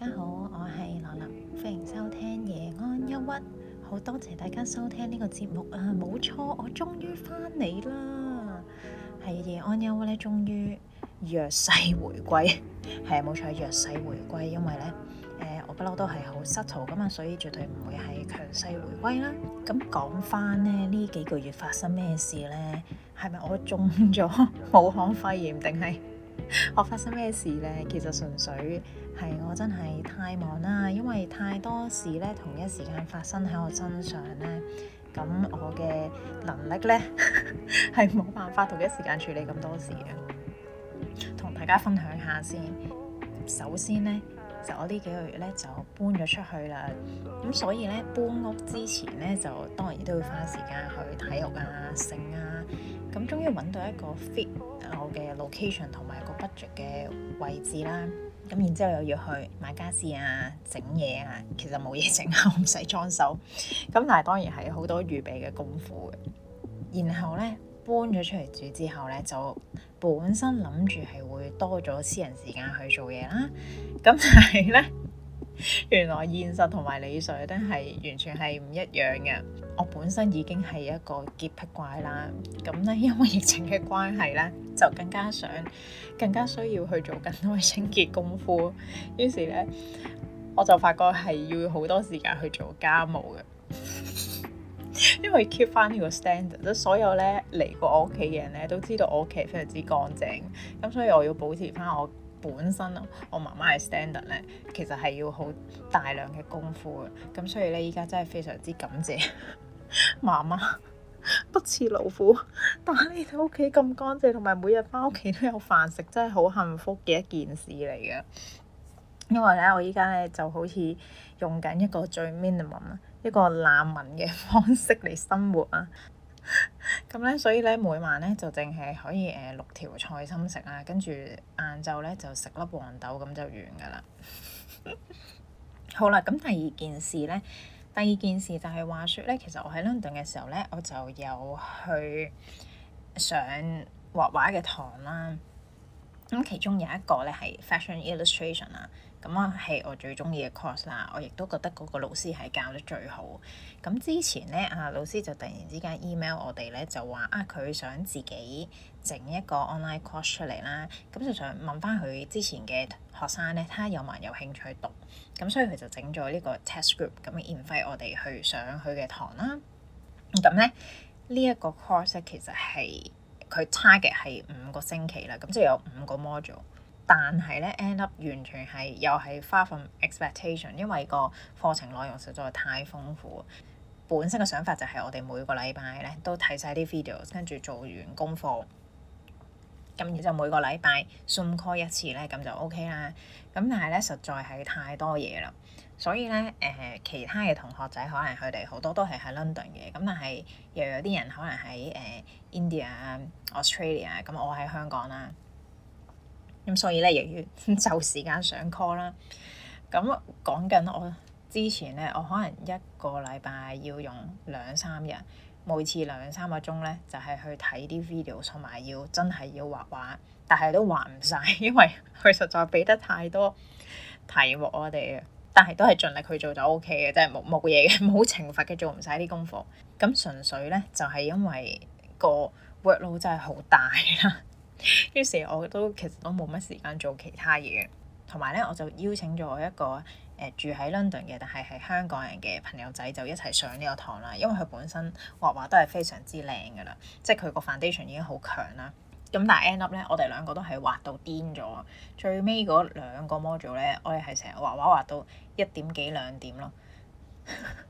大家好，我係羅琳，歡迎收聽夜安憂鬱。好多謝大家收聽呢個節目啊！冇錯，我終於翻嚟啦。係夜安憂鬱咧，終於弱勢回歸。係啊，冇錯，弱勢回歸，因為咧，誒，我不嬲都係好 stale 噶嘛，所以絕對唔會係強勢回歸啦。咁講翻咧，呢幾個月發生咩事咧？係咪我中咗武漢肺炎定係？我發生咩事呢？其實純粹係我真係太忙啦，因為太多事咧，同一時間發生喺我身上咧，咁我嘅能力咧係冇辦法同一時間處理咁多事嘅。同大家分享下先。首先呢，就我呢幾個月咧就搬咗出去啦。咁所以咧，搬屋之前咧就當然都要花時間去體育啊、性啊。咁終於揾到一個 fit 我嘅 location 同埋個 budget 嘅位置啦，咁然之後又要去買家私啊、整嘢啊，其實冇嘢整啊，我唔使裝修，咁但係當然係好多預備嘅功夫。然後呢，搬咗出嚟住之後呢，就本身諗住係會多咗私人時間去做嘢啦，咁但係呢，原來現實同埋理想都係完全係唔一樣嘅。我本身已經係一個潔癖怪啦，咁咧因為疫情嘅關係咧，就更加想、更加需要去做更多嘅清潔功夫。於是咧，我就發覺係要好多時間去做家務嘅， 因為 keep 翻呢個 standard。即所有咧嚟過我屋企嘅人咧，都知道我屋企非常之乾淨。咁所以我要保持翻我本身我媽媽嘅 standard 咧，其實係要好大量嘅功夫嘅。咁所以咧，依家真係非常之感謝。媽媽不辭勞苦，但係你哋屋企咁乾淨，同埋每日翻屋企都有飯食，真係好幸福嘅一件事嚟嘅。因為咧，我依家咧就好似用緊一個最 minimum，一個難民嘅方式嚟生活啊。咁咧，所以咧，每晚咧就淨係可以誒、呃、六條菜心食啊，跟住晏晝咧就食粒黃豆，咁就完㗎啦。 好啦，咁第二件事咧。第二件事就係話說咧，其實我喺 London 嘅時候咧，我就有去上畫畫嘅堂啦。咁、嗯、其中有一個咧係 fashion illustration 啦。咁啊係我最中意嘅 course 啦，我亦都覺得嗰個老師係教得最好。咁之前咧啊，老師就突然之間 email 我哋咧，就話啊佢想自己整一個 online course 出嚟啦。咁就想問翻佢之前嘅學生咧，睇下有冇人有興趣讀。咁所以佢就整咗呢個 test group，咁 invite 我哋去上佢嘅堂啦。咁咧呢一個 course 咧，其實係佢 target 係五個星期啦，咁即係有五個 module。但係咧，end up 完全係又係 far from expectation，因為個課程內容實在太豐富。本身嘅想法就係我哋每個禮拜咧都睇晒啲 videos，跟住做完功課。咁然之後就每個禮拜 zoom call 一次咧，咁就 OK 啦。咁但係咧，實在係太多嘢啦。所以咧，誒、呃，其他嘅同學仔可能佢哋好多都係喺 London 嘅，咁但係又有啲人可能喺誒、呃、India、Australia，咁我喺香港啦。咁所以咧，亦要就時間上 call 啦。咁講緊我之前咧，我可能一個禮拜要用兩三日，每次兩三個鐘咧，就係去睇啲 video 同埋要真係要畫畫，但係都畫唔晒，因為佢實在俾得太多題目我哋。但係都係盡力去做就 OK 嘅，即係冇冇嘢，冇懲罰嘅，做唔晒啲功課。咁純粹咧，就係因為個 workload 真係好大啦。於是我都其實都冇乜時間做其他嘢，同埋咧我就邀請咗一個誒、呃、住喺 London 嘅，但係係香港人嘅朋友仔，就一齊上呢個堂啦。因為佢本身畫畫都係非常之靚噶啦，即係佢個 foundation 已經好強啦。咁但係 end up 咧，我哋兩個都係畫到癲咗。最尾嗰兩個 model 咧，我哋係成日畫畫畫到一點幾兩點咯。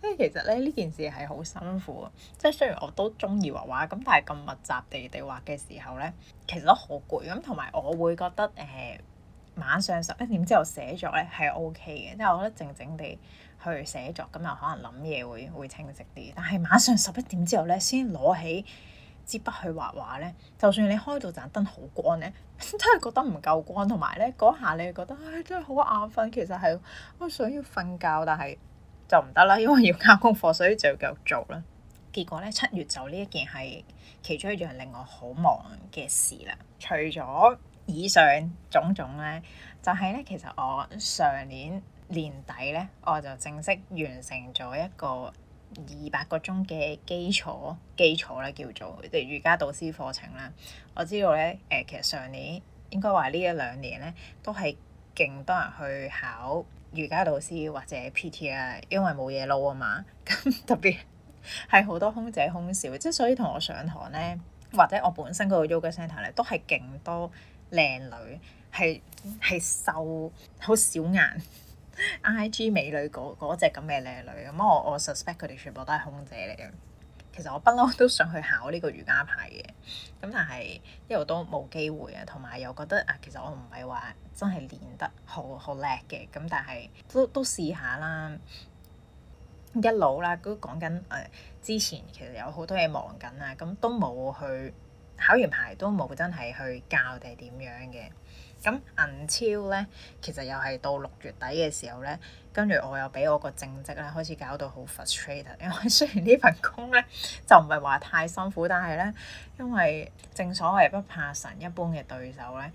所以其實咧，呢件事係好辛苦嘅。即係雖然我都中意畫畫，咁但係咁密集地地畫嘅時候咧，其實都好攰。咁同埋我會覺得誒、呃、晚上十一點之後寫作咧係 OK 嘅，即係我覺得靜靜地去寫作，咁又可能諗嘢會會清晰啲。但係晚上十一點之後咧，先攞起支筆去畫畫咧，就算你開到盞燈好光咧，真係覺得唔夠光。同埋咧，嗰下你會覺得唉、哎，真係好眼瞓，其實係我想要瞓覺，但係。就唔得啦，因為要交功課，所以就要繼續做啦。結果咧，七月就呢一件係其中一樣令我好忙嘅事啦。除咗以上種種咧，就係、是、咧，其實我上年年底咧，我就正式完成咗一個二百個鐘嘅基礎基礎啦，叫做瑜伽導師課程啦。我知道咧，誒、呃，其實上年應該話呢一兩年咧，都係勁多人去考。瑜伽老師或者 PT 啊，因為冇嘢撈啊嘛，咁 特別係好多空姐空少，即係所以同我上堂咧，或者我本身嗰個 yoga centre e 咧，都係勁多靚女，係係瘦好小眼 ，IG 美女嗰嗰隻咁嘅靚女，咁我我 suspect 佢哋全部都係空姐嚟嘅。其實，其實我不嬲都想去考呢個瑜伽牌嘅，咁但係一路都冇機會啊，同埋又覺得啊，其實我唔係話真係練得好好叻嘅，咁但係都都試下啦，一路啦，都講緊誒，之前其實有好多嘢忙緊啊，咁都冇去考完牌，都冇真係去教定係點樣嘅。咁銀超咧，其實又係到六月底嘅時候咧，跟住我又俾我個正職咧開始搞到好 frustrated，因為雖然呢份工咧就唔係話太辛苦，但係咧因為正所謂不怕神一般嘅對手咧，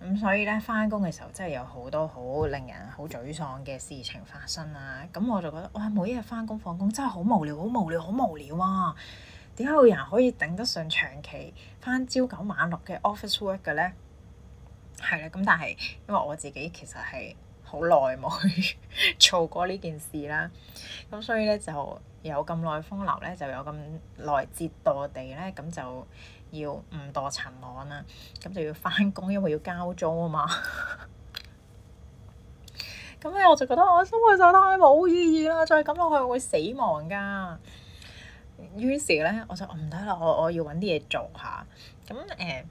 咁所以咧翻工嘅時候真係有好多好令人好沮喪嘅事情發生啊！咁我就覺得哇，每一日翻工放工真係好無聊，好無聊，好無聊啊！點解有人可以頂得上長期翻朝九晚六嘅 office work 嘅咧？係啦，咁但係因為我自己其實係好耐冇去做過呢件事啦，咁所以咧就有咁耐風流咧，就有咁耐折墮地咧，咁就要唔墮塵網啦，咁就要翻工，因為要交租啊嘛。咁 咧我就覺得我生活就太冇意義啦，再咁落去會死亡㗎。於是咧我就唔得啦，我我要揾啲嘢做下。咁誒。呃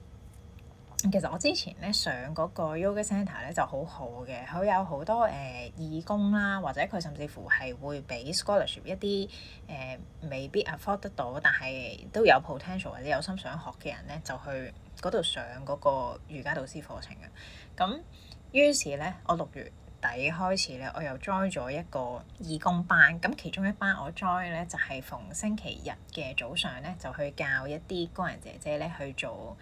其實我之前咧上嗰個 Yoga Center 咧就好好嘅，佢有好多誒、呃、義工啦，或者佢甚至乎係會俾 scholarship 一啲誒、呃、未必 afford 得到，但係都有 potential 或者有心想學嘅人咧，就去嗰度上嗰個瑜伽導師課程嘅。咁於是咧，我六月底開始咧，我又 join 咗一個義工班。咁其中一班我 join 咧，就係、是、逢星期日嘅早上咧，就去教一啲工人姐姐咧去做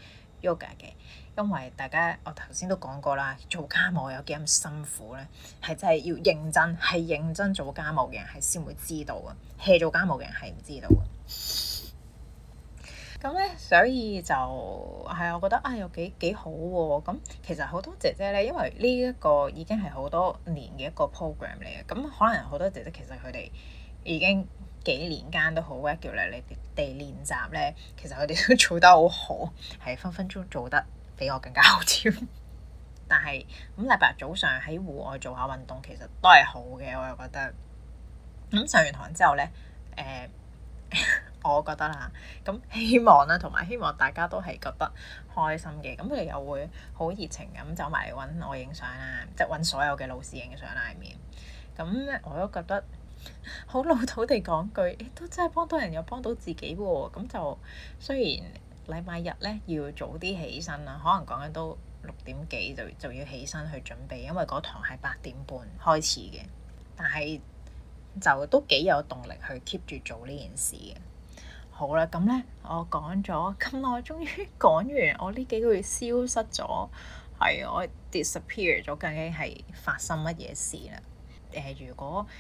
yoga 嘅，因為大家我頭先都講過啦，做家務有幾咁辛苦咧，係真係要認真，係認真做家務嘅人係先會知道啊，hea 做家務嘅人係唔知道啊。咁咧， 所以就係我覺得啊，又幾幾好喎、啊。咁其實好多姐姐咧，因為呢一個已經係好多年嘅一個 program 嚟嘅，咁可能好多姐姐其實佢哋已經幾年間都好 active 嚟地練習咧，其實佢哋都做得好好，係分分鐘做得比我更加好啲。 但係咁禮拜日早上喺戶外做下運動，其實都係好嘅，我又覺得。咁上完堂之後咧，誒、欸， 我覺得啦，咁希望啦，同埋希望大家都係覺得開心嘅，咁佢哋又會好熱情咁走埋嚟揾我影相啦，即係揾所有嘅老師影相啦，咁我都覺得。好 老土地講句，誒、欸、都真係幫到人又幫到自己喎。咁就雖然禮拜日咧要早啲起身啦，可能講緊都六點幾就就要起身去準備，因為嗰堂係八點半開始嘅。但係就都幾有動力去 keep 住做呢件事嘅。好啦，咁咧我講咗，咁我終於講完，我呢幾個月消失咗，係我 disappear 咗，究竟係發生乜嘢事啦？誒、呃，如果～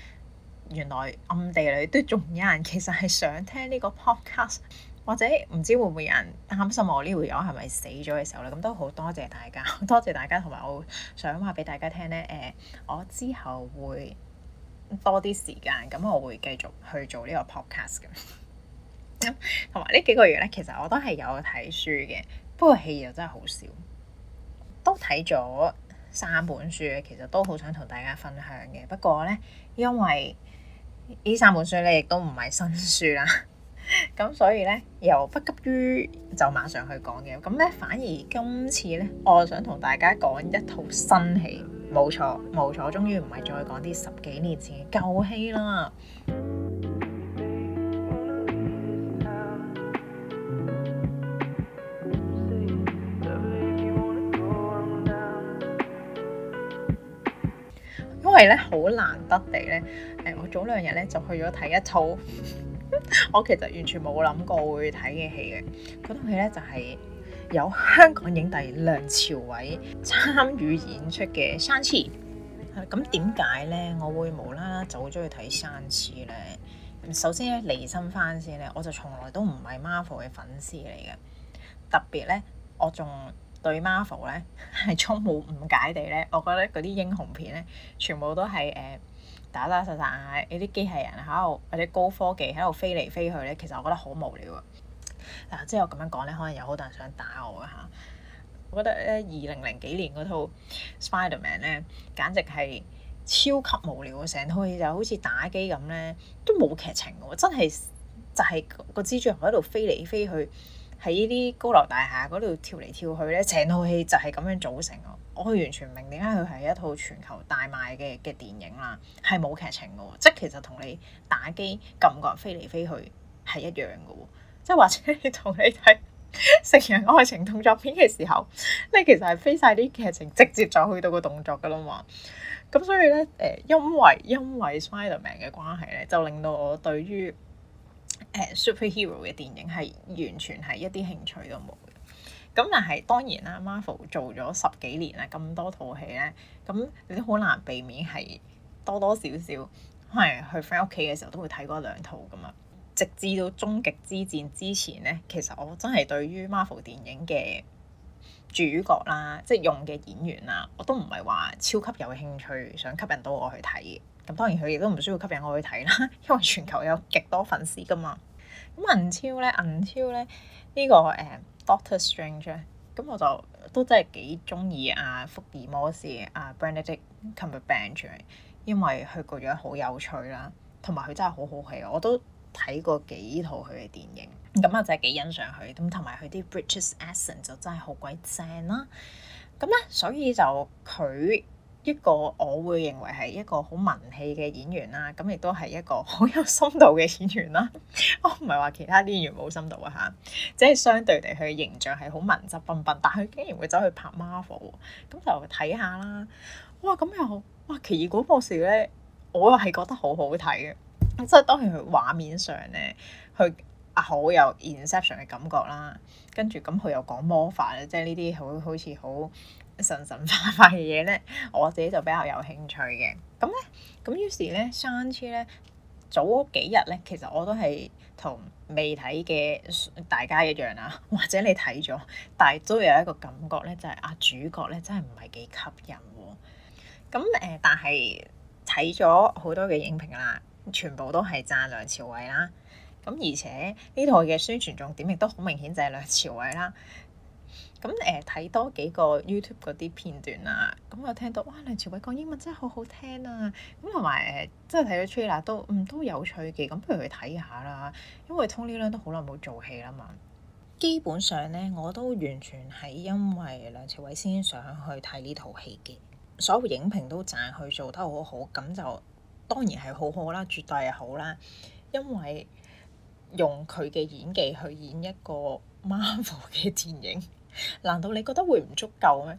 原來暗地裏都仲有人其實係想聽呢個 podcast，或者唔知會唔會有人擔心我呢回我係咪死咗嘅時候咧？咁都好多謝大家，多謝大家，同埋我想話俾大家聽咧，誒、呃，我之後會多啲時間，咁我會繼續去做呢個 podcast 嘅。咁同埋 呢幾個月咧，其實我都係有睇書嘅，不過戲又真係好少，都睇咗三本書，其實都好想同大家分享嘅。不過咧，因為呢三本書咧，亦都唔係新書啦，咁 所以咧，又不急於就馬上去講嘅。咁咧，反而今次咧，我想同大家講一套新戲，冇錯冇錯，終於唔係再講啲十幾年前嘅舊戲啦。因為咧，好難得地咧。早兩日咧就去咗睇一套， 我其實完全冇諗過會睇嘅戲嘅。嗰套戲咧就係有香港影帝梁朝偉參與演出嘅《尚氣、嗯》嗯。咁點解咧我會無啦啦就鍾意睇《尚氣》咧？首先咧利申返先咧，我就從來都唔係 Marvel 嘅粉絲嚟嘅。特別咧，我仲對 Marvel 咧係充滿誤解地咧，我覺得嗰啲英雄片咧全部都係誒。呃打打殺殺，你啲機器人喺度或者高科技喺度飛嚟飛去咧，其實我覺得好無聊啊！嗱，即係我咁樣講咧，可能有好多人想打我啊嚇！我覺得咧，二零零幾年嗰套 Spiderman 咧，簡直係超級無聊啊！成套戲就好似打機咁咧，都冇劇情喎，真係就係個蜘蛛人喺度飛嚟飛去。喺呢啲高樓大廈嗰度跳嚟跳去咧，成套戲就係咁樣組成。我完全唔明點解佢係一套全球大賣嘅嘅電影啦，係冇劇情㗎喎。即係其實同你打機感覺飛嚟飛去係一樣㗎喎。即係或者你同你睇成人愛情動作片嘅時候，你其實係飛晒啲劇情，直接就去到個動作㗎啦嘛。咁所以咧，誒，因為因為 Spiderman 嘅關係咧，就令到我對於。誒、uh, superhero 嘅電影係完全係一啲興趣都冇嘅，咁但係當然啦，Marvel 做咗十幾年啦，咁多套戲咧，咁你都好難避免係多多少少，可能去 friend 屋企嘅時候都會睇嗰兩套噶嘛。直至到終極之戰之前咧，其實我真係對於 Marvel 電影嘅主角啦，即係用嘅演員啊，我都唔係話超級有興趣，想吸引到我去睇。咁當然佢亦都唔需要吸引我去睇啦，因為全球有極多粉絲噶嘛。咁銀超咧，銀超咧呢、這個誒、uh, Doctor Strange，咁我就都真係幾中意啊，福爾摩斯、啊、uh, Benedict Cumberbatch，因為佢個樣好有趣啦，同埋佢真係好好戲，我都睇過幾套佢嘅電影，咁啊就係幾欣賞佢。咁同埋佢啲 British accent 就真係好鬼正啦。咁咧，所以就佢。一個我會認為係一個好文氣嘅演員啦，咁亦都係一個好有深度嘅演員啦。 我唔係話其他啲演員冇深度啊嚇，即係相對地佢嘅形象係好文質彬彬，但佢竟然會走去拍 Marvel，咁就睇下啦。哇！咁又哇，奇異果博士咧，我又係覺得好好睇嘅。即係當然佢畫面上咧，佢好有 Inception 嘅感覺啦。跟住咁佢又講魔法咧，即係呢啲好好似好，神神化化嘅嘢咧，我自己就比較有興趣嘅。咁咧，咁於是咧，上次咧，早嗰幾日咧，其實我都係同未睇嘅大家一樣啦，或者你睇咗，但係都有一個感覺咧，就係、是、啊主角咧，真係唔係幾吸引喎。咁誒、呃，但係睇咗好多嘅影評啦，全部都係贊梁朝偉啦。咁而且呢套嘅宣傳重點亦都好明顯，就係梁朝偉啦。咁誒睇多幾個 YouTube 嗰啲片段啊，咁、嗯、我聽到哇，梁朝偉講英文真係好好聽啊！咁同埋誒，真係睇到 trailer 都嗯都有趣嘅。咁不如去睇下啦，因為 Tony Leung 都好耐冇做戲啦嘛。基本上呢，我都完全係因為梁朝偉先想去睇呢套戲嘅。所有影評都讚佢做得好好，咁就當然係好好啦，絕對係好啦，因為用佢嘅演技去演一個 Marvel 嘅電影。難道你覺得會唔足夠咩？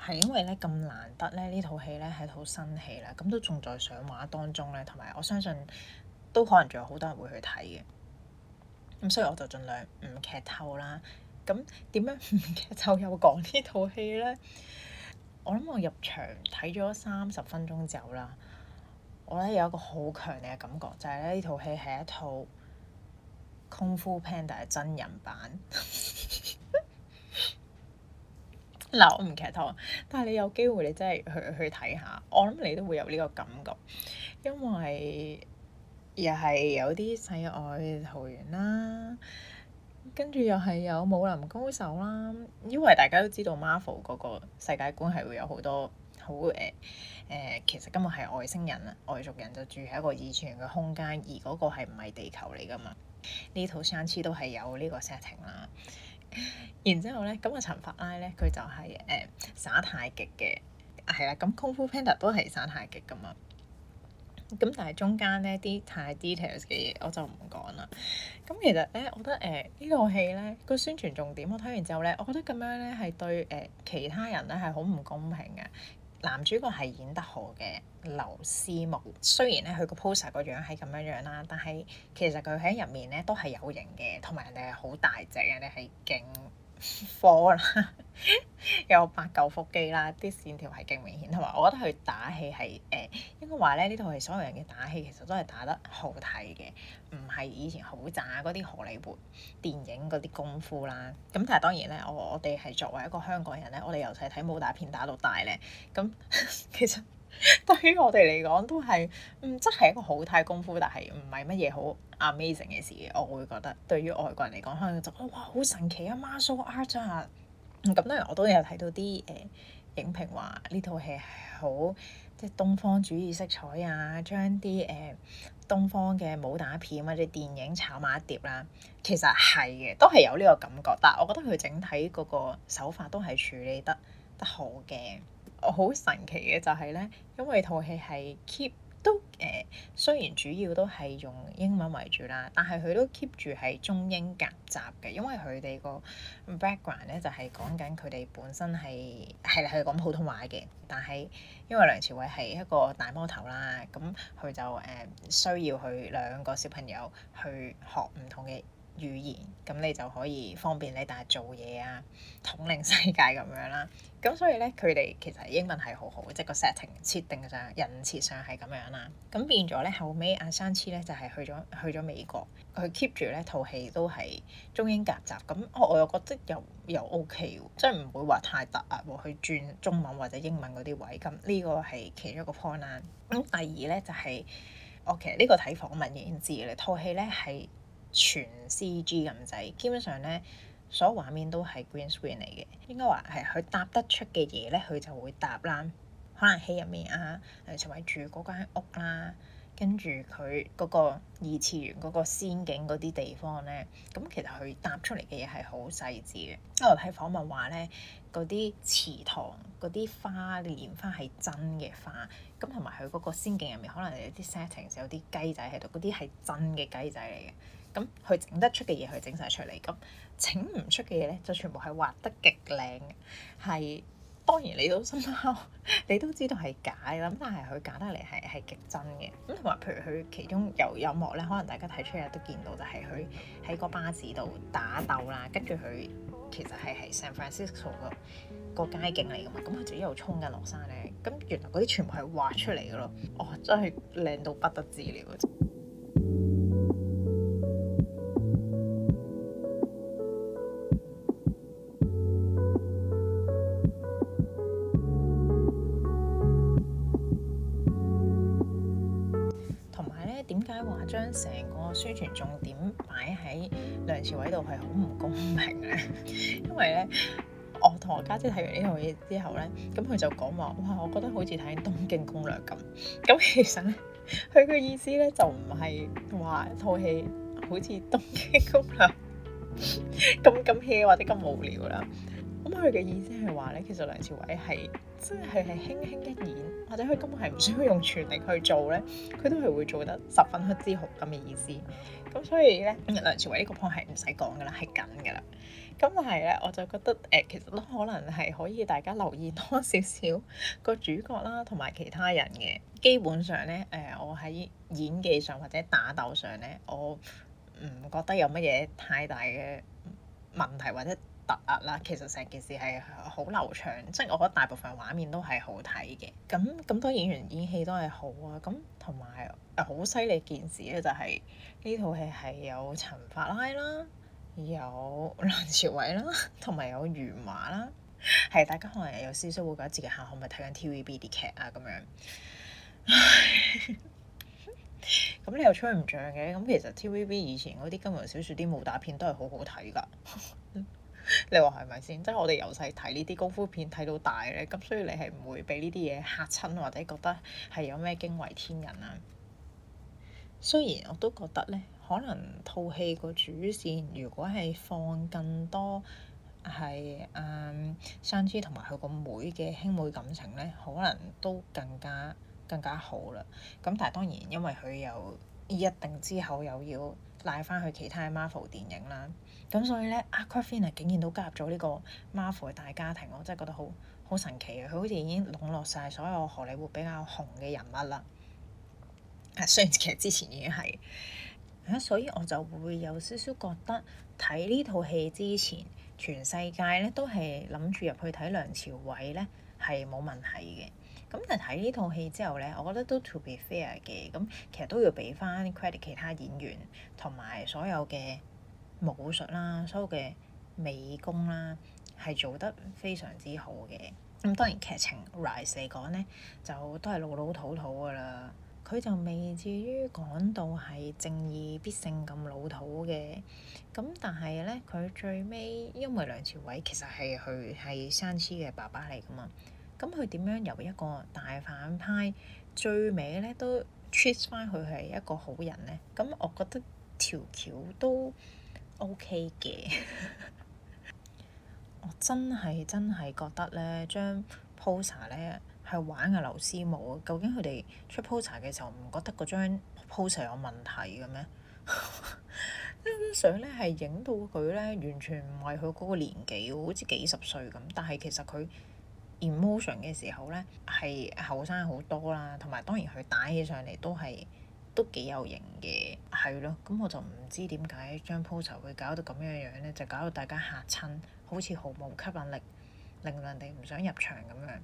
係 因為咧咁難得咧，呢套戲咧係套新戲啦，咁都仲在上畫當中咧，同埋我相信都可能仲有好多人會去睇嘅。咁所以我就盡量唔劇透啦。咁點樣唔劇透又講呢套戲咧？我諗我入場睇咗三十分鐘之後啦，我咧有一個好強烈嘅感覺，就係、是、咧呢套戲係一套。功夫 Panda 真人版嗱， 我唔劇透，但係你有機會，你真係去去睇下，我諗你都會有呢個感覺，因為又係有啲世外桃源啦，跟住又係有武林高手啦，因為大家都知道 Marvel 嗰個世界觀係會有好多好誒誒，其實今日係外星人啊，外族人就住喺一個異次元嘅空間，而嗰個係唔係地球嚟㗎嘛。呢套相似都係有呢個 setting 啦，然之後咧，咁、那、啊、個、陳法拉咧佢就係、是、誒、呃、耍太極嘅，係啊，咁功夫 Panda 都係耍太極噶嘛。咁但係中間咧啲太 details 嘅嘢我就唔講啦。咁其實咧，我覺得誒、呃這個、呢套戲咧個宣傳重點，我睇完之後咧，我覺得咁樣咧係對誒、呃、其他人咧係好唔公平嘅。男主角係演得好嘅劉思慕，雖然咧佢個 pose 個樣係咁樣樣啦，但係其實佢喺入面咧都係有型嘅，同埋人哋係好大隻人哋係。勁。科啦，Four, 有八嚿腹肌啦，啲線條係勁明顯同埋，我覺得佢打戲係誒、呃，應該話咧呢套戲所有人嘅打戲其實都係打得好睇嘅，唔係以前好渣嗰啲荷里活電影嗰啲功夫啦。咁但係當然咧，我我哋係作為一個香港人咧，我哋由細睇武打片打到大咧，咁 其實。 對於我哋嚟講都係，嗯，真係一個好睇功夫，但係唔係乜嘢好 amazing 嘅事。我會覺得對於外國人嚟講，可能就哇好神奇啊，martial art 啊。咁當然我都有睇到啲誒、欸、影評話呢套戲係好即係東方主義色彩啊，將啲誒、欸、東方嘅武打片或者電影炒埋一碟啦、啊。其實係嘅，都係有呢個感覺，但係我覺得佢整體嗰個手法都係處理得得好嘅。我好神奇嘅就係咧，因為套戲係 keep 都誒，雖然主要都係用英文為主啦，但係佢都 keep 住係中英夾雜嘅，因為佢哋個 background 咧就係講緊佢哋本身係係係講普通話嘅，但係因為梁朝偉係一個大魔頭啦，咁佢就誒、uh, 需要佢兩個小朋友去學唔同嘅。語言，咁你就可以方便你大做嘢啊，統領世界咁樣啦。咁所以咧，佢哋其實英文係好好，即係個 setting 設定嘅就係人設上係咁樣啦。咁變咗咧，後尾阿生痴咧就係去咗去咗美國，佢 keep 住咧套戲都係中英夾雜。咁我我又覺得又又 OK 喎，即係唔會話太突兀去轉中文或者英文嗰啲位。咁呢個係其中一個 point 啦。咁第二咧就係我其實呢個睇訪問已經知嘅，套戲咧係。全 C G 咁滯，基本上咧，所有畫面都係 green screen 嚟嘅，應該話係佢搭得出嘅嘢咧，佢就會搭啦。可能喺入面啊，陳偉住嗰間屋啦。跟住佢嗰個二次元嗰個仙境嗰啲地方咧，咁其實佢搭出嚟嘅嘢係好細緻嘅。啱啱睇訪問話咧，嗰啲池塘、嗰啲花蓮花係真嘅花，咁同埋佢嗰個仙境入面可能有啲 setting 有啲雞仔喺度，嗰啲係真嘅雞仔嚟嘅。咁佢整得出嘅嘢佢整晒出嚟，咁整唔出嘅嘢咧就全部係畫得極靚嘅，係。當然你都心知啦，你都知道係假嘅咁，但係佢假得嚟係係極真嘅咁，同埋譬如佢其中有音樂咧，可能大家睇出嚟都見到就係佢喺個巴士度打鬥啦，跟住佢其實係係 San Francisco 個個街景嚟㗎嘛，咁佢就一路衝緊落山咧，咁原來嗰啲全部係畫出嚟嘅咯，哇、哦、真係靚到不得之了嘅啫～成個宣傳重點擺喺梁朝偉度係好唔公平嘅，因為咧，我同我家姐睇完呢套嘢之後咧，咁佢就講話，哇，我覺得好似睇緊《東京攻略》咁，咁其實咧，佢嘅意思咧就唔係話套戲好似《東京攻略》咁咁 hea 或者咁無聊啦。咁佢嘅意思係話咧，其實梁朝偉係即係係輕輕一演，或者佢根本係唔需要用全力去做咧，佢都係會做得十分之好。豪咁嘅意思。咁所以咧，梁朝偉個呢個 point 係唔使講噶啦，係緊噶啦。咁但係咧，我就覺得誒、呃，其實都可能係可以大家留意多少少個主角啦，同埋其他人嘅。基本上咧，誒、呃、我喺演技上或者打鬥上咧，我唔覺得有乜嘢太大嘅問題或者。突兀啦，其實成件事係好流暢，即、就、係、是、我覺得大部分畫面都係好睇嘅。咁咁多演員演戲都係好啊，咁同埋好犀利件事咧、就是，就係呢套戲係有陳法拉啦，有梁朝偉啦，同埋有元華啦，係 大家可能有少少會覺得自己嚇，我咪睇緊 TVB 啲劇啊咁樣。咁 你又吹唔脹嘅？咁其實 TVB 以前嗰啲金庸小説啲武打片都係好好睇㗎。 你話係咪先？即係我哋由細睇呢啲功夫片睇到大咧，咁所以你係唔會俾呢啲嘢嚇親，或者覺得係有咩驚為天人啊？ 雖然我都覺得咧，可能套戲個主線如果係放更多係嗯，尚氣同埋佢個妹嘅兄妹感情咧，可能都更加更加好啦。咁但係當然，因為佢又一定之後又要賴翻去其他 Marvel 電影啦。咁所以咧，Awkwafina、啊、竟然都加入咗呢個 Marvel 嘅大家庭，我真係覺得好好神奇啊！佢好似已經籠絡晒所有荷里活比較紅嘅人物啦。誒、啊，雖然其實之前已經係、啊，所以我就會有少少覺得睇呢套戲之前，全世界咧都係諗住入去睇梁朝偉咧係冇問題嘅。咁但睇呢套戲之後咧，我覺得都 to be fair 嘅，咁其實都要俾翻 credit 其他演員同埋所有嘅。武術啦，所有嘅美工啦，係做得非常之好嘅。咁當然劇情 wise 嚟講咧，就都係老老土土㗎啦。佢就未至於講到係正義必勝咁老土嘅。咁但係咧，佢最尾因為梁朝偉其實係佢係尚氣嘅爸爸嚟㗎嘛。咁佢點樣由一個大反派最尾咧都 cheat 翻佢係一個好人咧？咁我覺得條橋都～O.K. 嘅， 我真係真係覺得呢張 poster 呢係玩嘅、啊、劉思慕、啊，究竟佢哋出 poster 嘅時候唔覺得嗰張 poster 有問題嘅咩？呢張 相呢係影到佢呢，完全唔係佢嗰個年紀，好似幾十歲咁。但係其實佢 emotion 嘅時候呢，係後生好多啦，同埋當然佢打起上嚟都係。都幾有型嘅，係咯，咁我就唔知點解張 poster 會搞到咁樣樣咧，就搞到大家嚇親，好似毫無吸引力，令人哋唔想入場咁樣。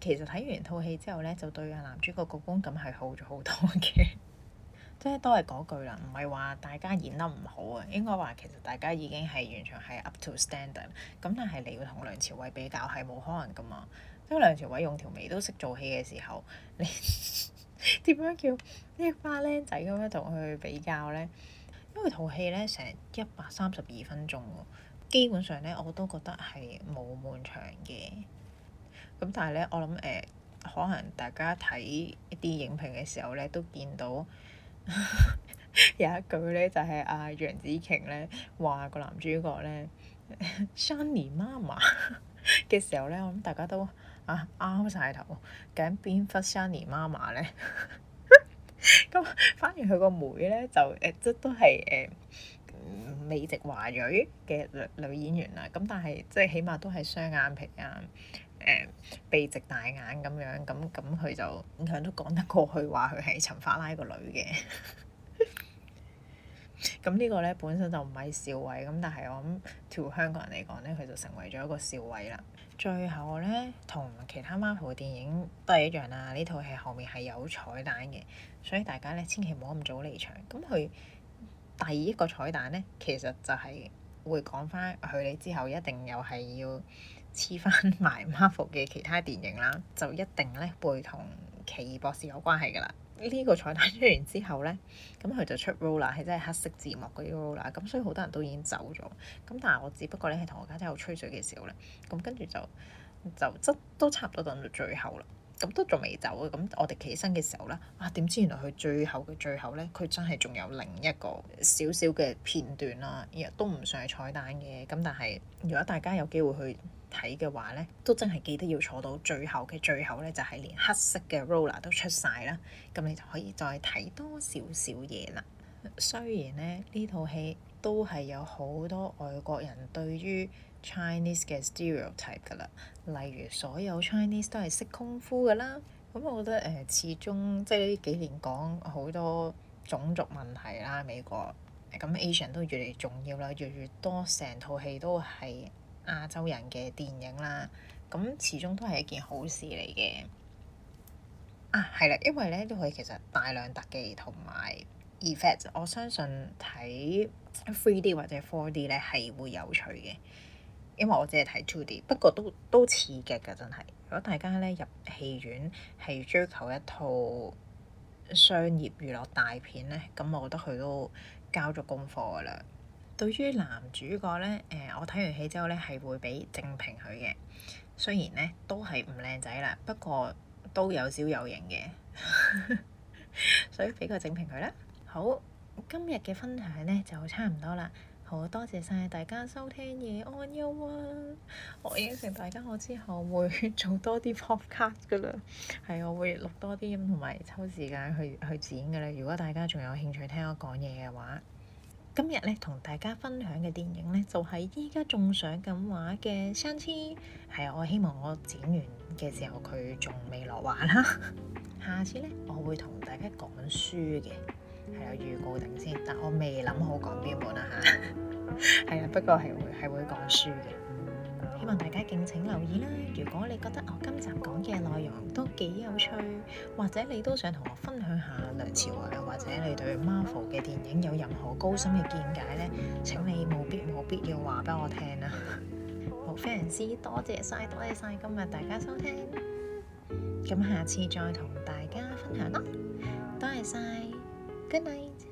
其實睇完套戲之後咧，就對阿男主角個觀感係好咗好多嘅。 即係都係嗰句啦，唔係話大家演得唔好啊，應該話其實大家已經係完全係 up to standard。咁但係你要同梁朝偉比較係冇可能噶嘛，因為梁朝偉用條眉都識做戲嘅時候，你。 點 樣叫呢啲花靚仔咁樣同佢比較咧？因為套戲咧成一百三十二分鐘喎，基本上咧我都覺得係冇悶場嘅。咁但係咧，我諗誒、呃，可能大家睇一啲影評嘅時候咧，都見到 有一句咧就係、是、阿、啊、楊紫瓊咧話個男主角咧 Shani Mama 嘅 時候咧，我諗大家都。啊，啱曬頭，梗邊忽 Sony 媽媽咧？咁 反而佢個妹咧就誒、呃，即都係誒、呃、美籍華裔嘅女，女演員啦。咁但係即起碼都係雙眼皮啊，誒、呃，鼻直大眼咁樣，咁咁佢就咁樣都講得過去話，話佢係陳法拉個女嘅。咁 呢個咧本身就唔係笑位，咁但係我諗對香港人嚟講咧，佢就成為咗一個笑位啦。最後咧，同其他 Marvel 電影都係一樣啦。呢套戲後面係有彩蛋嘅，所以大家咧千祈唔好咁早離場。咁佢第一個彩蛋咧，其實就係會講翻佢你之後一定又係要黐翻埋 Marvel 嘅其他電影啦，就一定咧會同奇異博士有關係㗎啦。呢個彩蛋出完之後呢，咁佢就出 roller，係真係黑色字幕嗰啲 roller，咁所以好多人都已經走咗。咁但係我只不過咧係同我家姐有吹水嘅時候呢，咁跟住就就即都差唔多等到最後啦。咁都仲未走嘅，咁我哋起身嘅時候呢，啊點知原來佢最後嘅最後呢，佢真係仲有另一個小小嘅片段啦，亦都唔算係彩蛋嘅。咁但係如果大家有機會去，睇嘅話咧，都真係記得要坐到最後嘅最後咧，就係連黑色嘅 roller 都出晒啦，咁你就可以再睇多少少嘢啦。雖然咧呢套戲都係有好多外國人對於 Chinese 嘅 stereotype 噶啦，例如所有 Chinese 都係識功夫㗎啦。咁我覺得誒、呃，始終即係呢幾年講好多種族問題啦，美國咁 Asian 都越嚟越重要啦，越嚟越多成套戲都係。亞洲人嘅電影啦，咁始終都係一件好事嚟嘅。啊，係啦，因為咧都可以其實大量特技同埋 effect，我相信睇 three D 或者 four D 咧係會有趣嘅。因為我只係睇 two D，不過都都刺激㗎，真係！如果大家咧入戲院係追求一套商業娛樂大片咧，咁我覺得佢都交咗功課㗎啦。對於男主角呢，誒、呃，我睇完戲之後呢，係會俾正評佢嘅。雖然呢，都係唔靚仔啦，不過都有少有型嘅， 所以俾個正評佢啦。好，今日嘅分享呢就差唔多啦，好多謝晒大家收聽，夜安呀啊！我應承大家，我之後會做多啲 podcast 㗎喇，係我會錄多啲，同埋抽時間去去剪㗎喇。如果大家仲有興趣聽我講嘢嘅話，今日咧，同大家分享嘅電影咧，就係依家仲上緊畫嘅《上次係我，希望我剪完嘅時候佢仲未落畫啦。 下次咧，我會同大家講書嘅，係有預告定先，但我未諗好講邊本啊吓。係啊， 不過係會係會講書嘅。希望大家敬請留意啦！如果你覺得我今集講嘅內容都幾有趣，或者你都想同我分享下梁朝偉，或者你對 Marvel 嘅電影有任何高深嘅見解呢，請你無必無必要話俾我聽啦！好，非常之多謝晒，多謝晒今日大家收聽，咁下次再同大家分享咯，多謝晒，Good night。